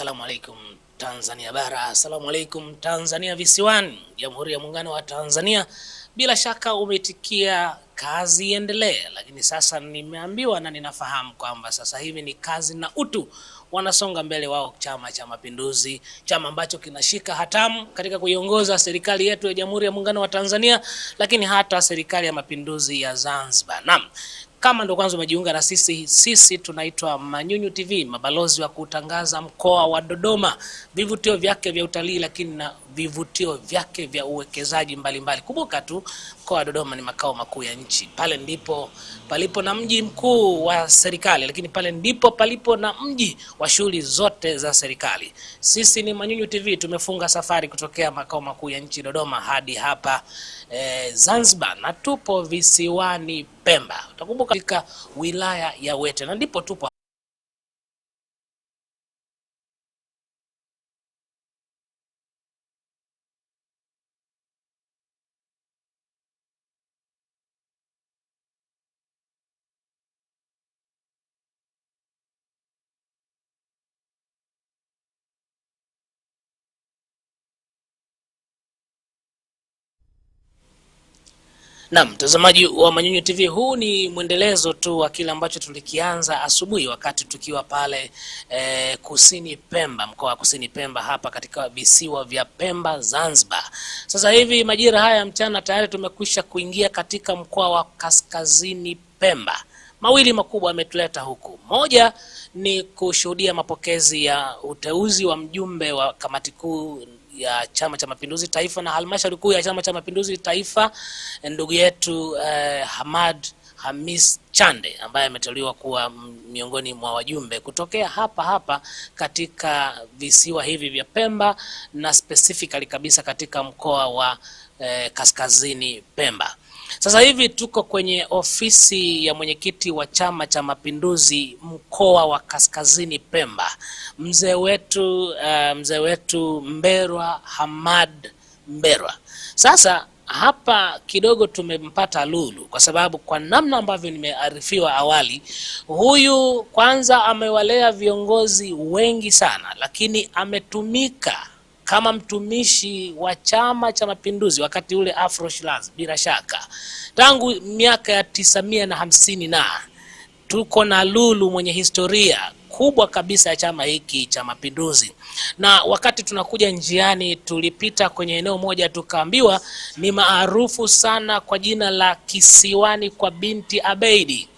asalamu alaikum Tanzania bara, assalamu alaikum Tanzania visiwani, Jamhuri ya Muungano wa Tanzania. Bila shaka umetikia kazi iendelee, lakini sasa nimeambiwa na ninafahamu kwamba sasa hivi ni kazi na utu wanasonga mbele wao, Chama cha Mapinduzi, chama ambacho kinashika hatamu katika kuiongoza serikali yetu ya Jamhuri ya Muungano wa Tanzania, lakini hata serikali ya Mapinduzi ya Zanzibar. Naam, kama ndo kwanza umejiunga na sisi, sisi tunaitwa Manyunyu TV, mabalozi wa kutangaza mkoa wa Dodoma, vivutio vyake vya utalii, lakini na vivutio vyake vya uwekezaji mbalimbali. Kumbuka tu mkoa wa Dodoma ni makao makuu ya nchi, pale ndipo palipo na mji mkuu wa serikali, lakini pale ndipo palipo na mji wa shughuli zote za serikali. Sisi ni Manyunyu TV tumefunga safari kutokea makao makuu ya nchi Dodoma hadi hapa eh, Zanzibar na tupo visiwani Pemba. Utakumbuka katika wilaya ya Wete na ndipo tupo Na mtazamaji wa Manyunyu TV, huu ni mwendelezo tu wa kile ambacho tulikianza asubuhi wakati tukiwa pale e, kusini Pemba, mkoa wa kusini Pemba, hapa katika visiwa vya Pemba, Zanzibar. Sasa hivi majira haya mchana tayari tumekwisha kuingia katika mkoa wa kaskazini Pemba. Mawili makubwa yametuleta huku, moja ni kushuhudia mapokezi ya uteuzi wa mjumbe wa kamati kuu ya Chama cha Mapinduzi Taifa na halmashauri kuu ya Chama cha Mapinduzi Taifa, ndugu yetu eh, Hamad Hamis Chande ambaye ameteuliwa kuwa miongoni mwa wajumbe kutokea hapa hapa katika visiwa hivi vya Pemba na specifically kabisa katika mkoa wa eh, Kaskazini Pemba. Sasa hivi tuko kwenye ofisi ya mwenyekiti wa Chama cha Mapinduzi mkoa wa Kaskazini Pemba, mzee wetu uh, mzee wetu Mberwa Hamad Mberwa. Sasa hapa kidogo tumempata lulu, kwa sababu kwa namna ambavyo nimearifiwa awali, huyu kwanza amewalea viongozi wengi sana, lakini ametumika kama mtumishi wa Chama cha Mapinduzi wakati ule Afro Shirazi, bila shaka tangu miaka ya tisa mia na hamsini na tuko na Lulu mwenye historia kubwa kabisa ya chama hiki cha Mapinduzi. Na wakati tunakuja njiani, tulipita kwenye eneo moja, tukaambiwa ni maarufu sana kwa jina la Kisiwani kwa Binti abeidi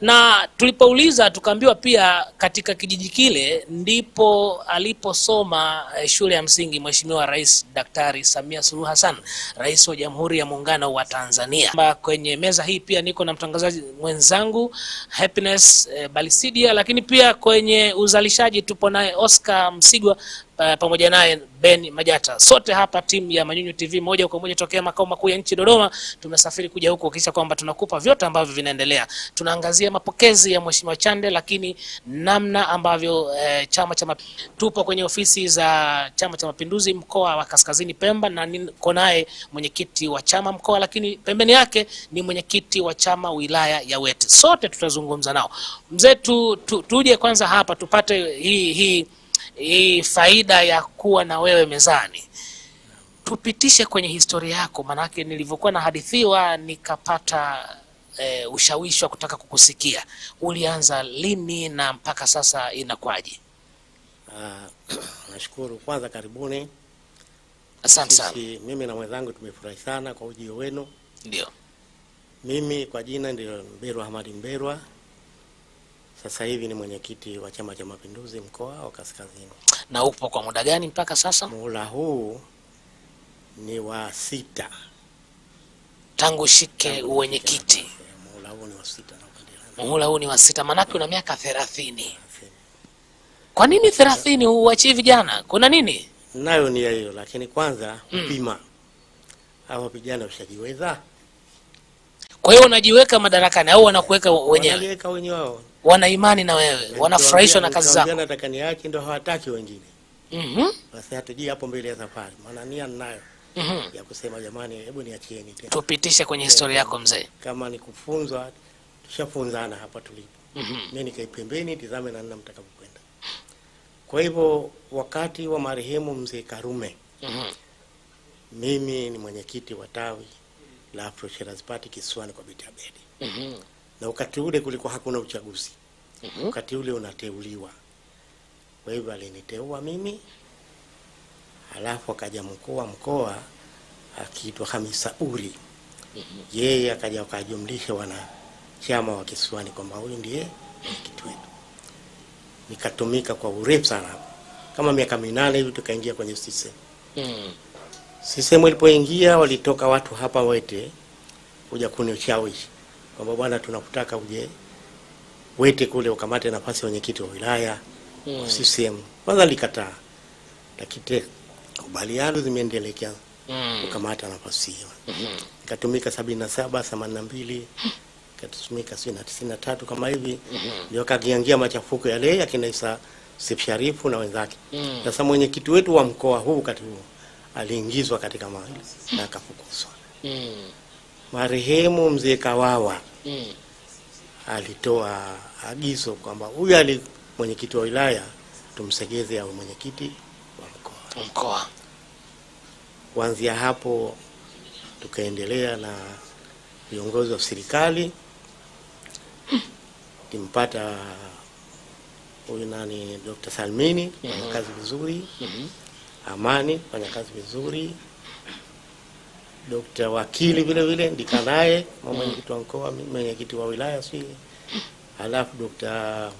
na tulipouliza tukaambiwa pia katika kijiji kile ndipo aliposoma eh, shule ya msingi Mheshimiwa Rais Daktari Samia Suluhu Hassan, Rais wa Jamhuri ya Muungano wa Tanzania. Mba kwenye meza hii pia niko na mtangazaji mwenzangu Happiness eh, Balisidia, lakini pia kwenye uzalishaji tupo naye Oscar Msigwa Eh, pamoja naye Ben Majata. Sote hapa timu ya Manyunyu TV moja kwa moja tokea makao makuu ya nchi Dodoma, tumesafiri kuja huku kisha kwamba tunakupa vyote ambavyo vinaendelea. Tunaangazia mapokezi ya Mheshimiwa Chande, lakini namna ambavyo eh, chama cha tupo kwenye ofisi za Chama cha Mapinduzi mkoa wa Kaskazini Pemba, na niko naye mwenyekiti wa chama mkoa, lakini pembeni yake ni mwenyekiti wa chama wilaya ya Wete. Sote tutazungumza nao. Mzee tu, tu, tuje kwanza hapa tupate hii hii hii faida ya kuwa na wewe mezani, tupitishe kwenye historia yako, maanake nilivyokuwa nahadithiwa nikapata e, ushawishi wa kutaka kukusikia. Ulianza lini na mpaka sasa inakwaje? Uh, ah, nashukuru kwanza, karibuni. Asante sana. Mimi na mwenzangu tumefurahi sana kwa ujio wenu. Ndio mimi kwa jina ndio Mberwa Hamadi Mberwa sasa hivi ni mwenyekiti wa Chama cha Mapinduzi mkoa wa Kaskazini. Na upo kwa muda gani mpaka sasa? Muhula huu ni wa sita tangu shike uwenyekiti. Muhula huu ni wa sita, muhula huu ni wa sita, maanake una miaka thelathini. Kwa nini thelathini huachii vijana? Kuna nini? Nayo ni hiyo, lakini kwanza hmm. upima mm. Hao vijana ushajiweza. Kwa hiyo unajiweka madarakani au wanakuweka wenyewe? Wanajiweka wenyewe wao wana imani na wewe, yaani wanafurahishwa na kazi zako. Ndani yake ndio hawataki wengine. Mhm. Basi hatujui hapo mbele ya safari. Maana nia ninayo. Mm -hmm. ya kusema jamani, hebu niachieni tena. Tupitishe kwenye historia yako mzee, kama ni kufunzwa, tushafunzana hapa tulipo. mm -hmm. Mimi nikae pembeni, tizame na nina mtakapokwenda. Kwa hivyo wakati wa marehemu mzee Karume, mm -hmm. mimi ni mwenyekiti wa tawi la Afro Shirazi Party kisiwani kwa Beti Abedi. mm -hmm. na wakati ule kulikuwa hakuna uchaguzi. Mm-hmm. wakati ule unateuliwa. Kwa hivyo aliniteua mimi, halafu akaja mkuu wa mkoa akiitwa Hamisa Uri, mm-hmm. yeye akaja akajumlisha wanachama wa kisiwani kwamba huyu ndiye mwenyekiti wetu. Nikatumika kwa urefu sana kama miaka minane hivi, tukaingia kwenye CCM. CCM mm-hmm. ilipoingia walitoka watu hapa Wete kuja kunishawishi kwamba bwana, tunakutaka uje wete kule ukamate nafasi ya wenyekiti wa wilaya mm. CCM kwanza likataa, lakini kubaliano zimeendelea mm. ukamata nafasi hiyo mm -hmm. Nikatumika sabini na saba themanini na mbili nikatumika sijui na tisini na tatu kama hivi ndio mm -hmm. ndio machafuko yale ya kina Isa Seif Sharifu na wenzake mm. sasa mm. mwenyekiti wetu wa mkoa huu wakati huo aliingizwa katika mali na akafukuzwa mm. marehemu mzee Kawawa mm alitoa agizo kwamba huyu ali mwenyekiti wa wilaya tumsegeze awe mwenyekiti wa mkoa mkoa. Kuanzia hapo tukaendelea na viongozi wa serikali kimpata huyu nani Dr. Salmini fanya mm -hmm. kazi vizuri mm -hmm. Amani fanya kazi vizuri Dokta wakili vile vile ndikanaye mwenyekiti wa mkoa, mwenyekiti wa wilaya si halafu Dokta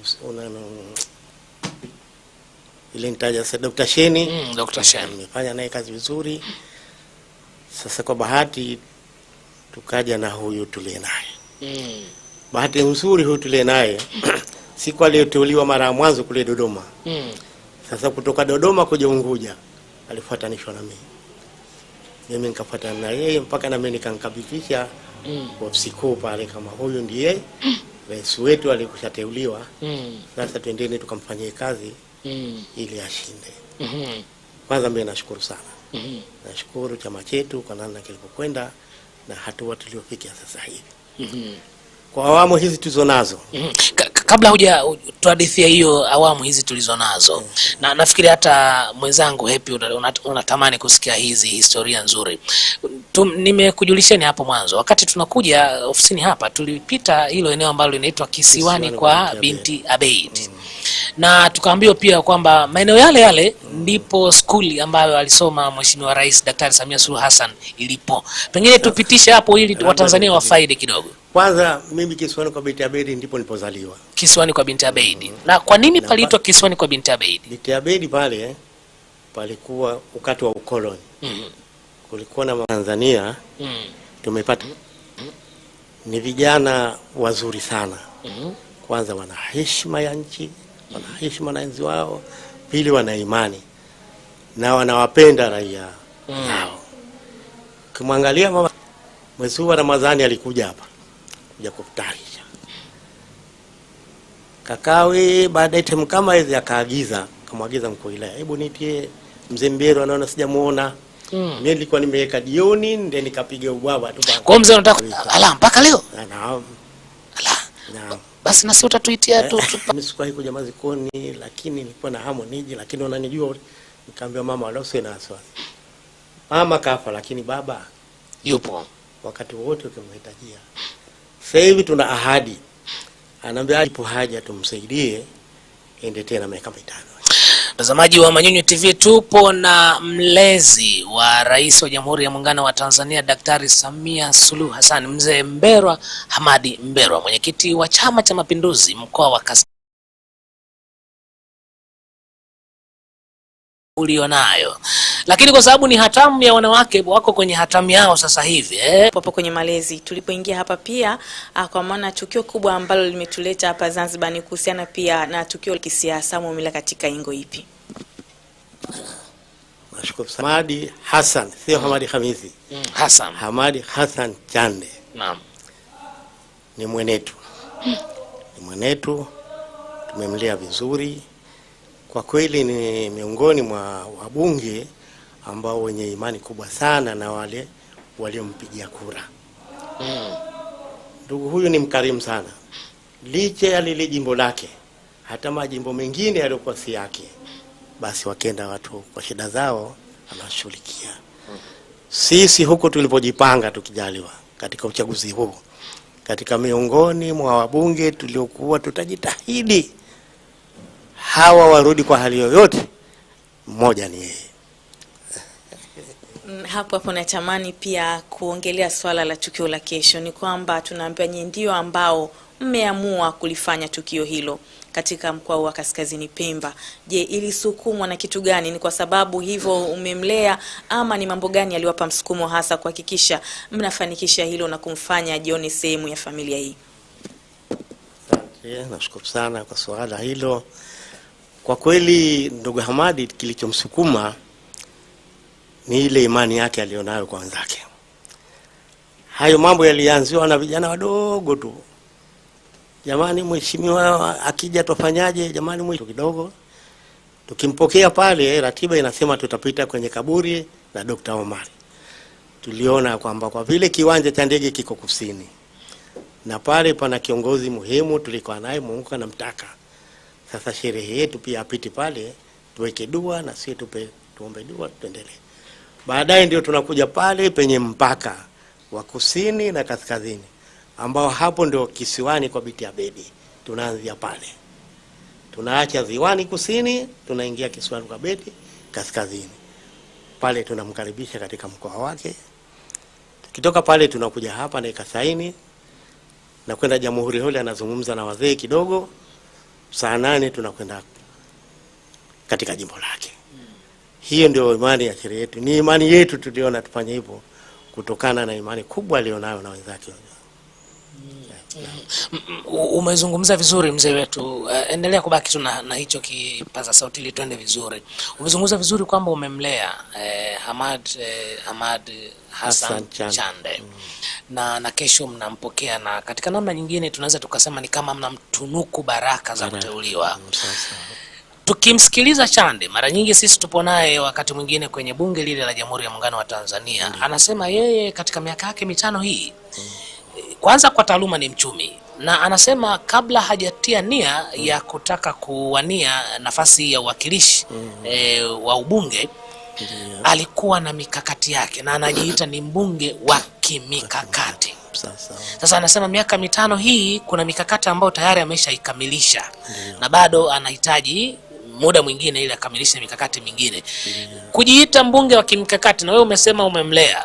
ile nitaja sasa, Dokta Sheni mm, Dokta Sheni mm, nimefanya naye kazi vizuri. Sasa kwa bahati tukaja na huyu tulie naye mm. bahati nzuri huyu tulie naye siku aliyoteuliwa mara ya mwanzo kule Dodoma mm. Sasa kutoka Dodoma kuja Unguja alifuatanishwa na mimi mimi nikafuatana na yeye mpaka nami nikamkabidhisha mm. ofisi kuu pale, kama huyu ndiye mm. rais wetu alikushateuliwa mm. Sasa twendeni tukamfanyie kazi mm. ili ashinde. mm -hmm. Kwanza mimi nashukuru sana mm -hmm. nashukuru chama chetu kwa namna kilivyokwenda na hatua tuliofikia sasa hivi mm -hmm. kwa awamu hizi tulizo nazo mm -hmm kabla huja tuhadithia hiyo awamu hizi mm. na nafikiri hata mwenzangu hepi unatamani una kusikia hizi historia nzuri. Nimekujulisheni hapo mwanzo, wakati tunakuja ofisini hapa tulipita hilo eneo ambalo linaitwa Kisiwani, Kisiwani kwa, binti Abeid. Mm na tukaambiwa pia kwamba maeneo yale yale ndipo skuli ambayo alisoma Mheshimiwa Rais Daktari Samia Suluhu Hassan ilipo. Pengine tupitishe hapo ili Watanzania wafaidi kidogo. Kwanza mimi kisiwani kwa Binti Abeid ndipo nilipozaliwa, kisiwani kwa Binti Abeid Na kwa nini paliitwa kisiwani kwa Binti Abeid? Binti Abeid pale palikuwa wakati wa ukoloni mm -hmm. Kulikuwa na Tanzania mm -hmm. Tumepata mm -hmm. Ni vijana wazuri sana mm -hmm kwanza wana heshima ya nchi, wana heshima na enzi wao, pili wana imani na wanawapenda raia wao. Mm. Kumwangalia mama mwezi wa Ramadhani alikuja hapa kuja kufutarisha kakawi, baada ya temu kama hizi akaagiza, akamwagiza mkuu wilaya, hebu nitie mzee Mbero, anaona sijamuona Mm. Mimi nilikuwa nimeweka jioni ndio nikapiga ubwabwa tu. Kwa mzee unataka ala mpaka leo? Naam. Ala. Naam basi nasi utatuitia tu. Eh, mimi sikuwahi kuja mazikoni, lakini nilikuwa na hamu niji, lakini wananijua, nikaambia mama, wala na wasiwasi, mama kafa, lakini baba yupo wakati wote ukimhitajia. Sasa hivi tuna ahadi, anaambia ipo haja tumsaidie, ende tena miaka mitano. Mtazamaji wa Manyunyu TV, tupo na mlezi wa Rais wa Jamhuri ya Muungano wa Tanzania Daktari Samia Suluhu Hassan, Mzee Mberwa Hamadi Mberwa, mwenyekiti wa Chama cha Mapinduzi mkoa wa Kaskazini ulionayo lakini kwa sababu ni hatamu ya wanawake, wako kwenye hatamu yao sasa hivi eh. Popo kwenye malezi tulipoingia hapa pia a, ah, kwa maana tukio kubwa ambalo limetuleta hapa Zanzibar ni kuhusiana pia na tukio la kisiasa mumila katika ingo ipi? Nashukuru sana Hamadi Hassan, sio mm. Hamadi Khamisi. Mm, Hassan Hamadi Hassan Chande, naam, ni mwenetu ni mwenetu, tumemlea vizuri kwa kweli, ni miongoni mwa wabunge ambao wenye imani kubwa sana na wale waliompigia kura. Mm. Ndugu mm. huyu ni mkarimu sana, licha ya lile jimbo lake, hata majimbo mengine yaliyokuwa si yake, basi wakenda watu kwa shida zao anashughulikia. mm. Sisi huku tulipojipanga, tukijaliwa katika uchaguzi huu, katika miongoni mwa wabunge tuliokuwa tutajitahidi hawa warudi kwa hali yoyote, mmoja ni yeye hapo hapo natamani pia kuongelea swala la tukio la kesho, ni kwamba tunaambiwa nyinyi ndio ambao mmeamua kulifanya tukio hilo katika mkoa wa Kaskazini Pemba. Je, ilisukumwa na kitu gani? Ni kwa sababu hivyo umemlea ama ni mambo gani yaliwapa msukumo hasa kuhakikisha mnafanikisha hilo na kumfanya ajione sehemu ya familia hii? Asante, nashukuru sana kwa suala hilo. Kwa kweli, ndugu Hamadi, kilichomsukuma ni ile imani yake alionayo kwa wenzake. Hayo mambo yalianziwa na vijana wadogo tu. Jamani, mheshimiwa akija tufanyaje? Jamani, mwisho kidogo tukimpokea pale, ratiba inasema tutapita kwenye kaburi la Dr. Omar. Tuliona kwamba kwa vile kiwanja cha ndege kiko kusini na pale pana kiongozi muhimu tulikuwa naye Mungu anamtaka, sasa sherehe yetu pia apite pale, tuweke dua na sisi tupe tuombe dua, tuendelee. Baadaye ndio tunakuja pale penye mpaka wa kusini na kaskazini, ambao hapo ndio kisiwani kwa Biti Abedi. Tunaanzia pale, tunaacha ziwani kusini, tunaingia kisiwani kwa Beti kaskazini. Pale tunamkaribisha katika mkoa wake. Tukitoka pale tunakuja hapa na ikasaini na kwenda Jamhuri hule anazungumza na wazee kidogo. Saa nane tunakwenda katika jimbo lake. Hiyo ndio imani ya sheria yetu, ni imani yetu tuliona tufanye hivyo kutokana na imani kubwa alionayo na wenzake. Mm, mm. Umezungumza vizuri mzee wetu, eh, endelea kubaki tu na hicho kipaza sauti ili tuende vizuri. Umezungumza vizuri kwamba umemlea eh, Hamad, eh, Hamad Hassan, Hassan Chande, Chande. Mm. Na, na kesho mnampokea na katika namna nyingine tunaweza tukasema ni kama mnamtunuku baraka za kuteuliwa. Mm, Tukimsikiliza Chande mara nyingi sisi tupo naye wakati mwingine kwenye bunge lile la Jamhuri ya Muungano wa Tanzania mm. Anasema yeye katika miaka yake mitano hii mm. Kwanza kwa taaluma ni mchumi na anasema kabla hajatia nia mm. ya kutaka kuwania nafasi ya uwakilishi mm. e, wa ubunge yeah. Alikuwa na mikakati yake na anajiita ni mbunge wa kimikakati. Sasa, sasa anasema miaka mitano hii kuna mikakati ambayo tayari ameshaikamilisha na bado anahitaji muda mwingine ili akamilishe mikakati mingine. Kujiita mbunge wa kimkakati na wewe umesema umemlea,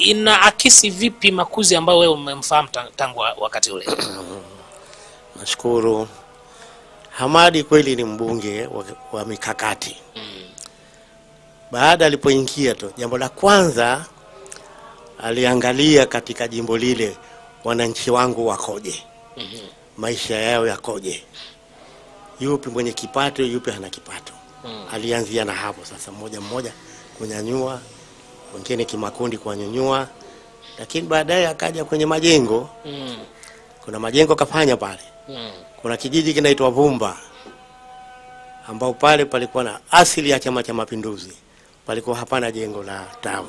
ina akisi vipi makuzi ambayo wewe umemfahamu tangu wakati ule? Nashukuru. Hamadi kweli ni mbunge wa, wa mikakati mm. Baada alipoingia tu, jambo la kwanza aliangalia katika jimbo lile wananchi wangu wakoje, mm -hmm. maisha yao yakoje yupi mwenye kipato, yupi hana kipato mm. Alianzia na hapo sasa, mmoja mmoja kunyanyua, wengine kimakundi kuwanyanyua, lakini baadaye akaja kwenye majengo mm. Kuna majengo kafanya pale mm. Kuna kijiji kinaitwa Vumba ambao pale palikuwa na asili ya Chama cha Mapinduzi, palikuwa hapana jengo la tawi,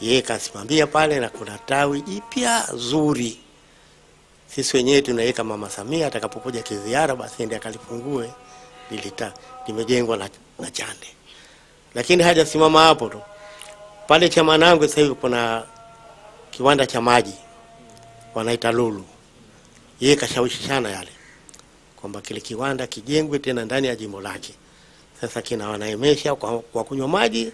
yeye kasimamia pale na kuna tawi jipya zuri sisi wenyewe tunaweka Mama Samia atakapokuja kiziara, basi ende akalifungue lilita limejengwa na, na Chande, lakini hajasimama hapo tu. Pale cha Manangwe sasa hivi kuna kiwanda cha maji wanaita Lulu, yeye kashawishi sana yale kwamba kile kiwanda kijengwe tena ndani ya jimbo lake. Sasa kina wanaemesha kwa, kwa kunywa maji,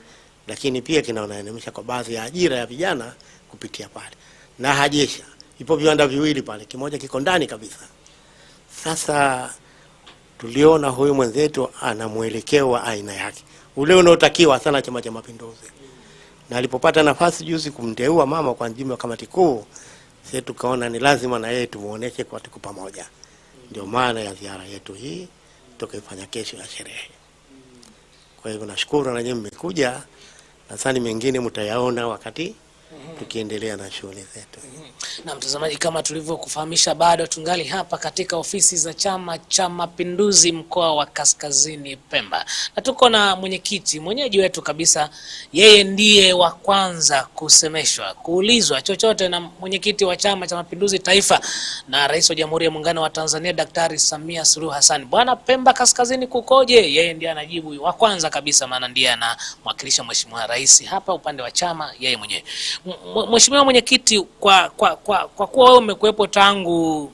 lakini pia kina wanaemesha kwa baadhi ya ajira ya vijana kupitia pale na hajesha Ipo viwanda viwili pale, kimoja kiko ndani kabisa. Sasa tuliona huyu mwenzetu ana mwelekeo wa aina yake ule unaotakiwa sana Chama cha Mapinduzi, na alipopata nafasi juzi kumteua mama kwa mjumbe wa kamati kuu, sisi tukaona ni lazima na yeye tumuoneshe kwa tuko pamoja. Ndio maana ya ziara yetu hii tukaifanya kesho ya sherehe. Kwa hivyo nashukuru na nyinyi mmekuja, nadhani mengine mtayaona wakati tukiendelea na shughuli zetu. Mm-hmm. Na mtazamaji, kama tulivyokufahamisha, bado tungali hapa katika ofisi za Chama cha Mapinduzi mkoa wa Kaskazini Pemba, na tuko na mwenyekiti mwenyeji wetu kabisa. Yeye ndiye wa kwanza kusemeshwa, kuulizwa chochote na mwenyekiti wa Chama cha Mapinduzi taifa na Rais wa Jamhuri ya Muungano wa Tanzania Daktari Samia Suluhu Hassan. Bwana, Pemba Kaskazini kukoje? Yeye ndiye anajibu wa kwanza kabisa, maana ndiye anamwakilisha Mheshimiwa Rais hapa upande wa chama, yeye mwenyewe Mheshimiwa Mwenyekiti, kwa, kwa, kwa, kwa kuwa wewe umekuwepo tangu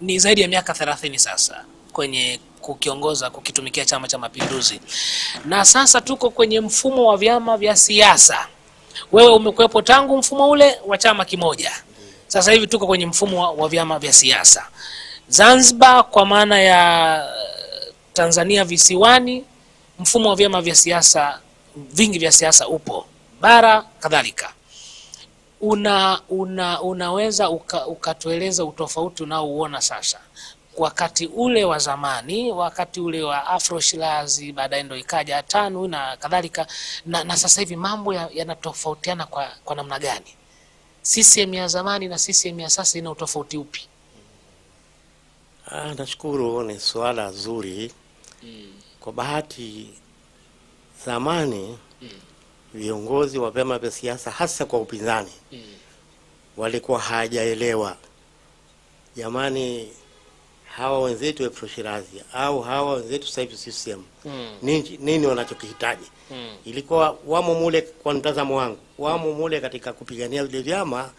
ni zaidi ya miaka thelathini sasa kwenye kukiongoza kukitumikia Chama cha Mapinduzi, na sasa tuko kwenye mfumo wa vyama vya siasa. Wewe umekuwepo tangu mfumo ule wa chama kimoja, sasa hivi tuko kwenye mfumo wa, wa vyama vya siasa. Zanzibar kwa maana ya eh, Tanzania visiwani, mfumo wa vyama vya siasa vingi vya siasa upo bara kadhalika una, una unaweza uka, ukatueleza utofauti unaouona sasa wakati ule wa zamani, wakati ule wa Shirazi, baadaye ndo ikaja TANU na kadhalika, na, na sasa hivi mambo yanatofautiana ya kwa, kwa namna gani? CCM ya zamani na CCM ya sasa ina utofauti upi? Ah, nashukuru, ni swala zuri mm. Kwa bahati zamani viongozi wa vyama vya siasa hasa kwa upinzani mm. walikuwa hawajaelewa jamani, hawa wenzetu Afro Shirazi au hawa wenzetu sasa hivi CCM mm. nini, nini wanachokihitaji mm. ilikuwa wamo mule, kwa mtazamo wangu, wamo mule katika kupigania vile vyama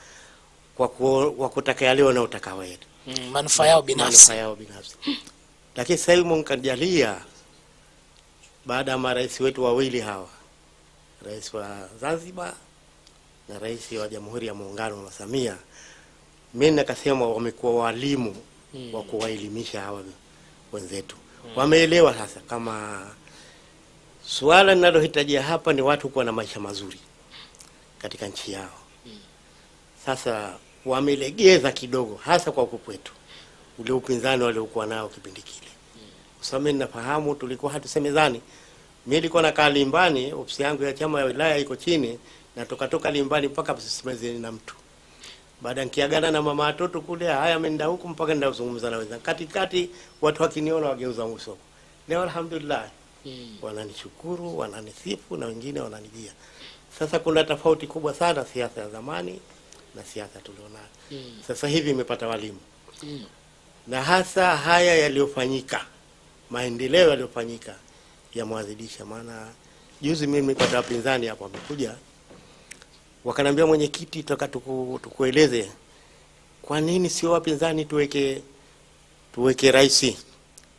kwa, ku, kwa kutaka yale wanaotaka wetu mm, manufaa yao binafsi, manufaa yao binafsi. Lakini sasa hivi Mungu kanijalia baada ya marais wetu wawili hawa rais wa Zanzibar na rais wa Jamhuri ya Muungano wa Samia, mimi nikasema wamekuwa walimu hmm. wa kuwaelimisha hawa wenzetu hmm. wameelewa sasa kama suala linalohitajia hapa ni watu kuwa na maisha mazuri katika nchi yao hmm. Sasa wamelegeza kidogo, hasa kwa huku kwetu, ule upinzani waliokuwa nao kipindi kile mm. Kwa nafahamu tulikuwa hatusemezani mimi nilikuwa nakaa Limbani, ofisi yangu ya chama ya wilaya iko chini, na tukatoka Limbani mpaka Msimezeni na mtu. Baada nikiagana na mama watoto kule, haya ameenda huku mpaka nenda kuzungumza na wenzangu. Katikati watu wakiniona wageuza uso. Leo alhamdulillah, hmm. wananishukuru, wananisifu na wengine wananijia. Sasa kuna tofauti kubwa sana siasa ya zamani na siasa tulionayo Hmm. sasa hivi imepata walimu Hmm. na hasa haya yaliyofanyika, maendeleo yaliyofanyika Hmm yamwadhibisha. Maana juzi mimi nilipata wapinzani hapo wamekuja wakanambia, mwenyekiti, taka tuku, tukueleze kwa nini sio wapinzani tuweke tuweke rais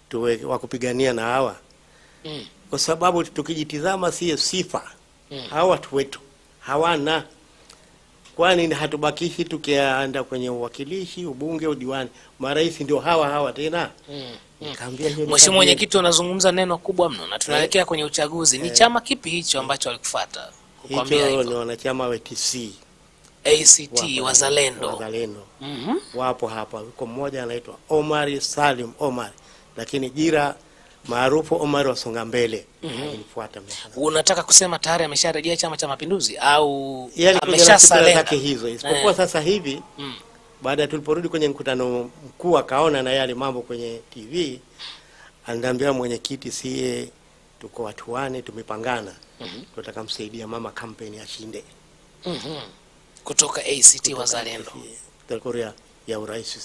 tuweke wa kupigania na hawa mm. kwa sababu tukijitizama sie sifa mm. hawa watu wetu hawana kwani hatubakishi tukienda kwenye uwakilishi, ubunge, udiwani, marais ndio hawa hawa tena mm. Hmm. Mheshimiwa Mwenyekiti, unazungumza neno kubwa mno na tunaelekea eh. kwenye uchaguzi. Ni eh. chama kipi hicho ambacho walikufuata? Hicho ni wanachama wa ATC, ACT Wazalendo, Wazalendo. Mm -hmm. Wapo hapa, yuko mmoja anaitwa Omari Salim Omar, lakini jira maarufu Omar songa mbele. mm -hmm. Unataka kusema tayari amesharejea Chama cha Mapinduzi au ameshasalia hizo isipokuwa, eh. sasa hivi mm baada ya tuliporudi kwenye mkutano mkuu akaona na yale mambo kwenye TV, ananiambia mwenyekiti, sie tuko watu wane, tumepangana mm -hmm. tunataka msaidia mama kampeni ashinde mm -hmm. kutoka ACT Wazalendo ya, ya urais.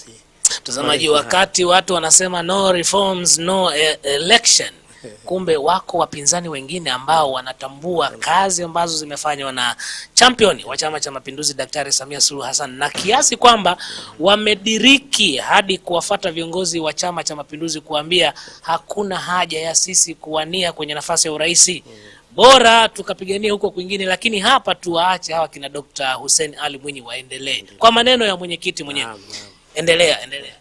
Mtazamaji, wakati watu wanasema no reforms, no eh, election kumbe wako wapinzani wengine ambao wanatambua kazi ambazo zimefanywa na champion wa Chama cha Mapinduzi Daktari Samia Suluhu Hassan na kiasi kwamba wamediriki hadi kuwafata viongozi wa Chama cha Mapinduzi kuambia hakuna haja ya sisi kuwania kwenye nafasi ya urais bora tukapigania huko kwingine, lakini hapa tuwaache hawa kina Dr. Hussein Ali Mwinyi waendelee, kwa maneno ya mwenyekiti mwenyewe. Endelea, endelea.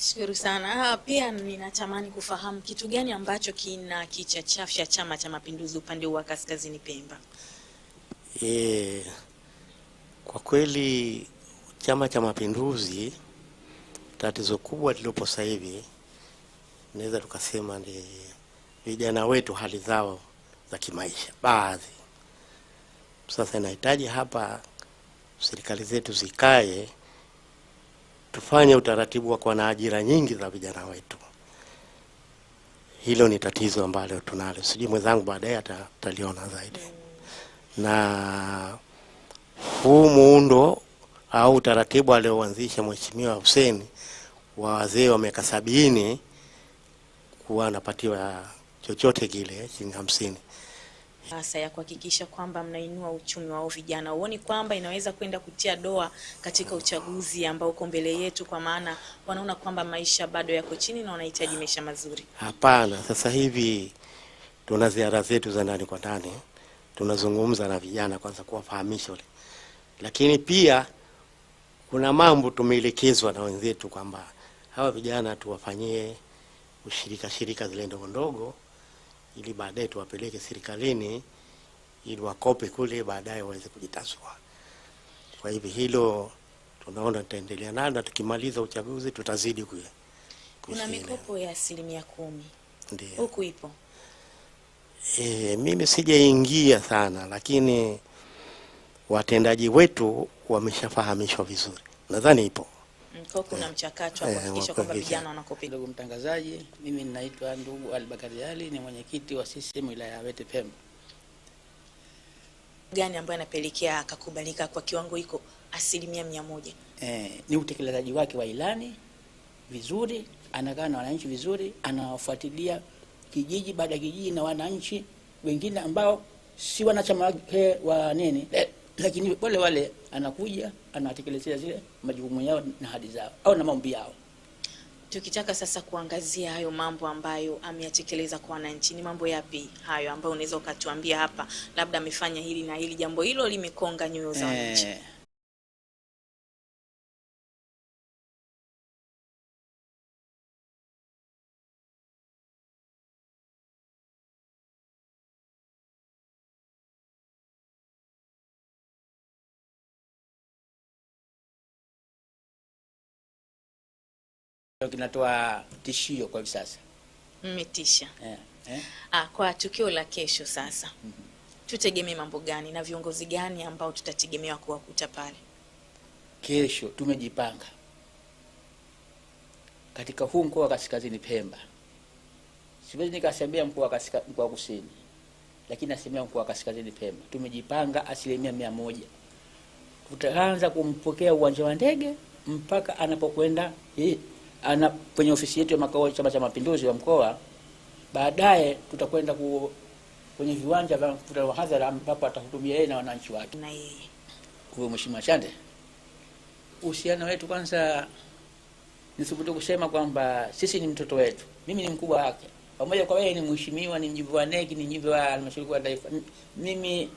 Nashukuru sana. Ah, pia ninatamani kufahamu kitu gani ambacho kina kichachafya Chama cha Mapinduzi upande wa kaskazini Pemba? E, kwa kweli Chama cha Mapinduzi tatizo kubwa lilopo sasa hivi naweza tukasema ni vijana wetu, hali zao za kimaisha baadhi. Sasa inahitaji hapa serikali zetu zikae tufanye utaratibu wa kuwa na ajira nyingi za vijana wetu. Hilo ni tatizo ambalo tunalo, sijui mwenzangu baadaye ataliona zaidi. Na huu muundo au utaratibu alioanzisha Mheshimiwa Hussein wa wazee wa miaka sabini kuwa anapatiwa chochote kile shilingi hamsini sasa ya kuhakikisha kwamba mnainua uchumi wao vijana. Huoni kwamba inaweza kwenda kutia doa katika uchaguzi ambao uko mbele yetu, kwa maana wanaona kwamba maisha bado yako chini na wanahitaji maisha mazuri? Hapana, sasa hivi tuna ziara zetu za ndani kwa ndani, tunazungumza na vijana kwanza kuwafahamisha, ule lakini pia kuna mambo tumeelekezwa na wenzetu kwamba hawa vijana tuwafanyie ushirika shirika zile ndogo ndogo ili baadaye tuwapeleke serikalini ili wakope kule baadaye waweze kujitasua. Kwa hivyo hilo tunaona tutaendelea nalo na tukimaliza uchaguzi tutazidi kule. Kuna mikopo ya asilimia kumi ndiyo huku ipo. E, mimi sijaingia sana, lakini watendaji wetu wameshafahamishwa vizuri, nadhani ipo. Mko kuna eh. mchakato wa eh, kuhakikisha kwamba vijana wanakopia. Ndugu mtangazaji, mimi ninaitwa ndugu Albakari Ali, ni mwenyekiti wa CCM wilaya ya Wete Pemba. Gani ambayo anapelekea akakubalika kwa kiwango hiko asilimia mia moja? Eh, ni utekelezaji wake wa ilani vizuri, anakaa na wananchi vizuri, anawafuatilia kijiji baada ya kijiji na wananchi wengine ambao si wanachama wake eh, wa nini, lakini wale wale anakuja anatekelezea zile majukumu yao na hadi zao au na maombi yao. Tukitaka sasa kuangazia hayo mambo ambayo ameyatekeleza kwa wananchi, ni mambo yapi hayo ambayo unaweza ukatuambia hapa, labda amefanya hili na hili, jambo hilo limekonga nyoyo za eh, wananchi? Eh. kinatoa tishio kwa hivi sasa. Mmetisha yeah. eh? Ah, kwa tukio la kesho sasa mm -hmm. tutegemee mambo gani na viongozi gani ambao tutategemewa kuwakuta pale kesho? Tumejipanga katika huu mkoa wa kaskazini Pemba, siwezi nikasemea mkoa wa kusini, lakini nasemea mkoa wa kaskazini Pemba. Tumejipanga asilimia mia moja, tutaanza kumpokea uwanja wa ndege mpaka anapokwenda eh, ana kwenye ofisi yetu ya makao ya Chama cha Mapinduzi wa mkoa. Baadaye tutakwenda ku, kwenye viwanja vya mkutano wa hadhara ambapo atahudumia yeye na wananchi wake. Na yeye huyo Mheshimiwa Chande, uhusiano wetu kwanza, nithubutu kusema kwamba sisi ni mtoto wetu, mimi ni mkubwa wake pamoja kwa yeye ni mheshimiwa, ni mjumbe wa neki, ni mjumbe wa halmashauri ya taifa, mimi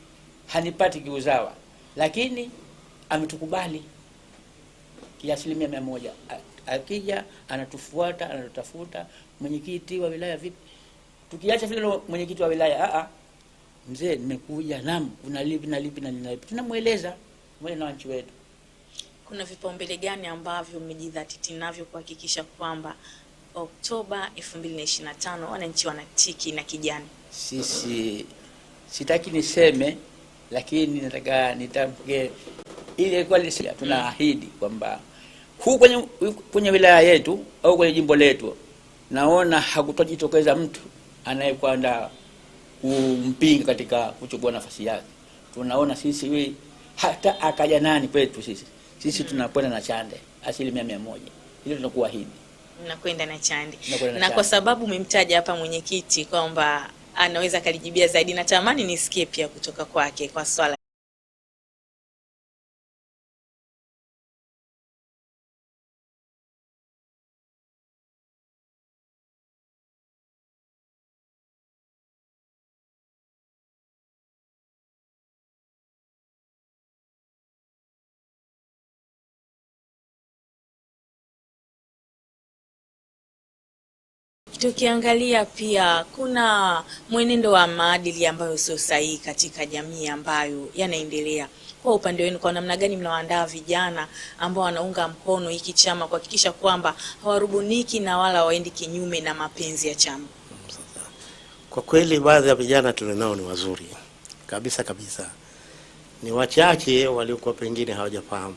hanipati kiuzawa, lakini ametukubali kiasilimia mia moja akija anatufuata anatutafuta, mwenyekiti wa wilaya vipi? Tukiacha vile mwenyekiti wa wilaya a mzee, nimekuja nam, kuna lipi na lipi na lipi, tunamweleza mwele na wanchi wetu. Kuna vipaumbele gani ambavyo mmejidhatiti navyo kuhakikisha kwamba Oktoba 2025 wananchi wanatiki na kijani? Sisi sitaki niseme, lakini nataka nitamke ile kwa lisi tunaahidi ahidi kwamba huu kwenye, kwenye wilaya yetu au kwenye jimbo letu, naona hakutojitokeza mtu anayekwenda kumpinga katika kuchukua nafasi yake. Tunaona sisi we, hata akaja nani kwetu sisi sisi tunakwenda na chande asilimia mia moja, hilo tunakuwa hivi nakwenda na chande na, na, na chande. Kwa sababu umemtaja hapa mwenyekiti kwamba anaweza akalijibia zaidi, natamani nisikie pia kutoka kwake kwa swala Tukiangalia pia kuna mwenendo wa maadili ambayo sio sahihi katika jamii ambayo yanaendelea. Kwa upande wenu, kwa namna gani mnawaandaa vijana ambao wanaunga mkono hiki chama kuhakikisha kwamba hawarubuniki na wala waendi kinyume na mapenzi ya chama? Kwa kweli baadhi ya vijana tulionao ni wazuri kabisa kabisa, ni wachache waliokuwa pengine hawajafahamu,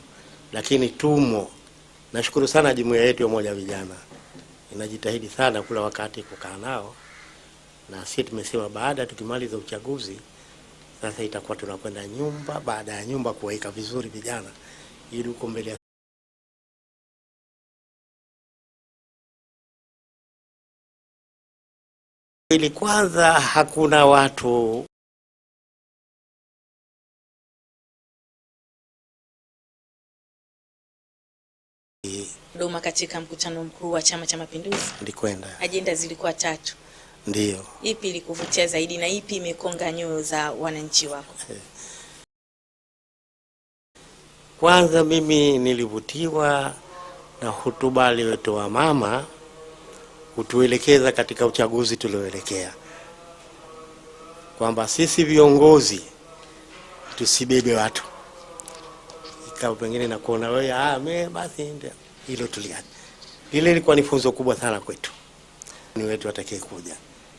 lakini tumo. Nashukuru sana jumuiya yetu ya Umoja wa Vijana inajitahidi sana kula wakati kukaa nao, na sisi tumesema baada tukimaliza uchaguzi sasa itakuwa tunakwenda nyumba baada ya nyumba kuwaika vizuri vijana ili huko mbele ili kwanza hakuna watu Dodoma katika mkutano mkuu wa Chama cha Mapinduzi? Nilikwenda. Ajenda zilikuwa tatu. ndio Ipi ilikuvutia zaidi na ipi imekonga nyoyo za wananchi wako? Eh. Kwanza mimi nilivutiwa na hotuba aliyotoa mama kutuelekeza katika uchaguzi tulioelekea, kwamba sisi viongozi tusibebe watu, ikawa pengine nakuona wewe ah, mimi basi ndio hilo tuliacha. Lile ilikuwa ni funzo kubwa sana kwetu ni wetu atakaye kuja.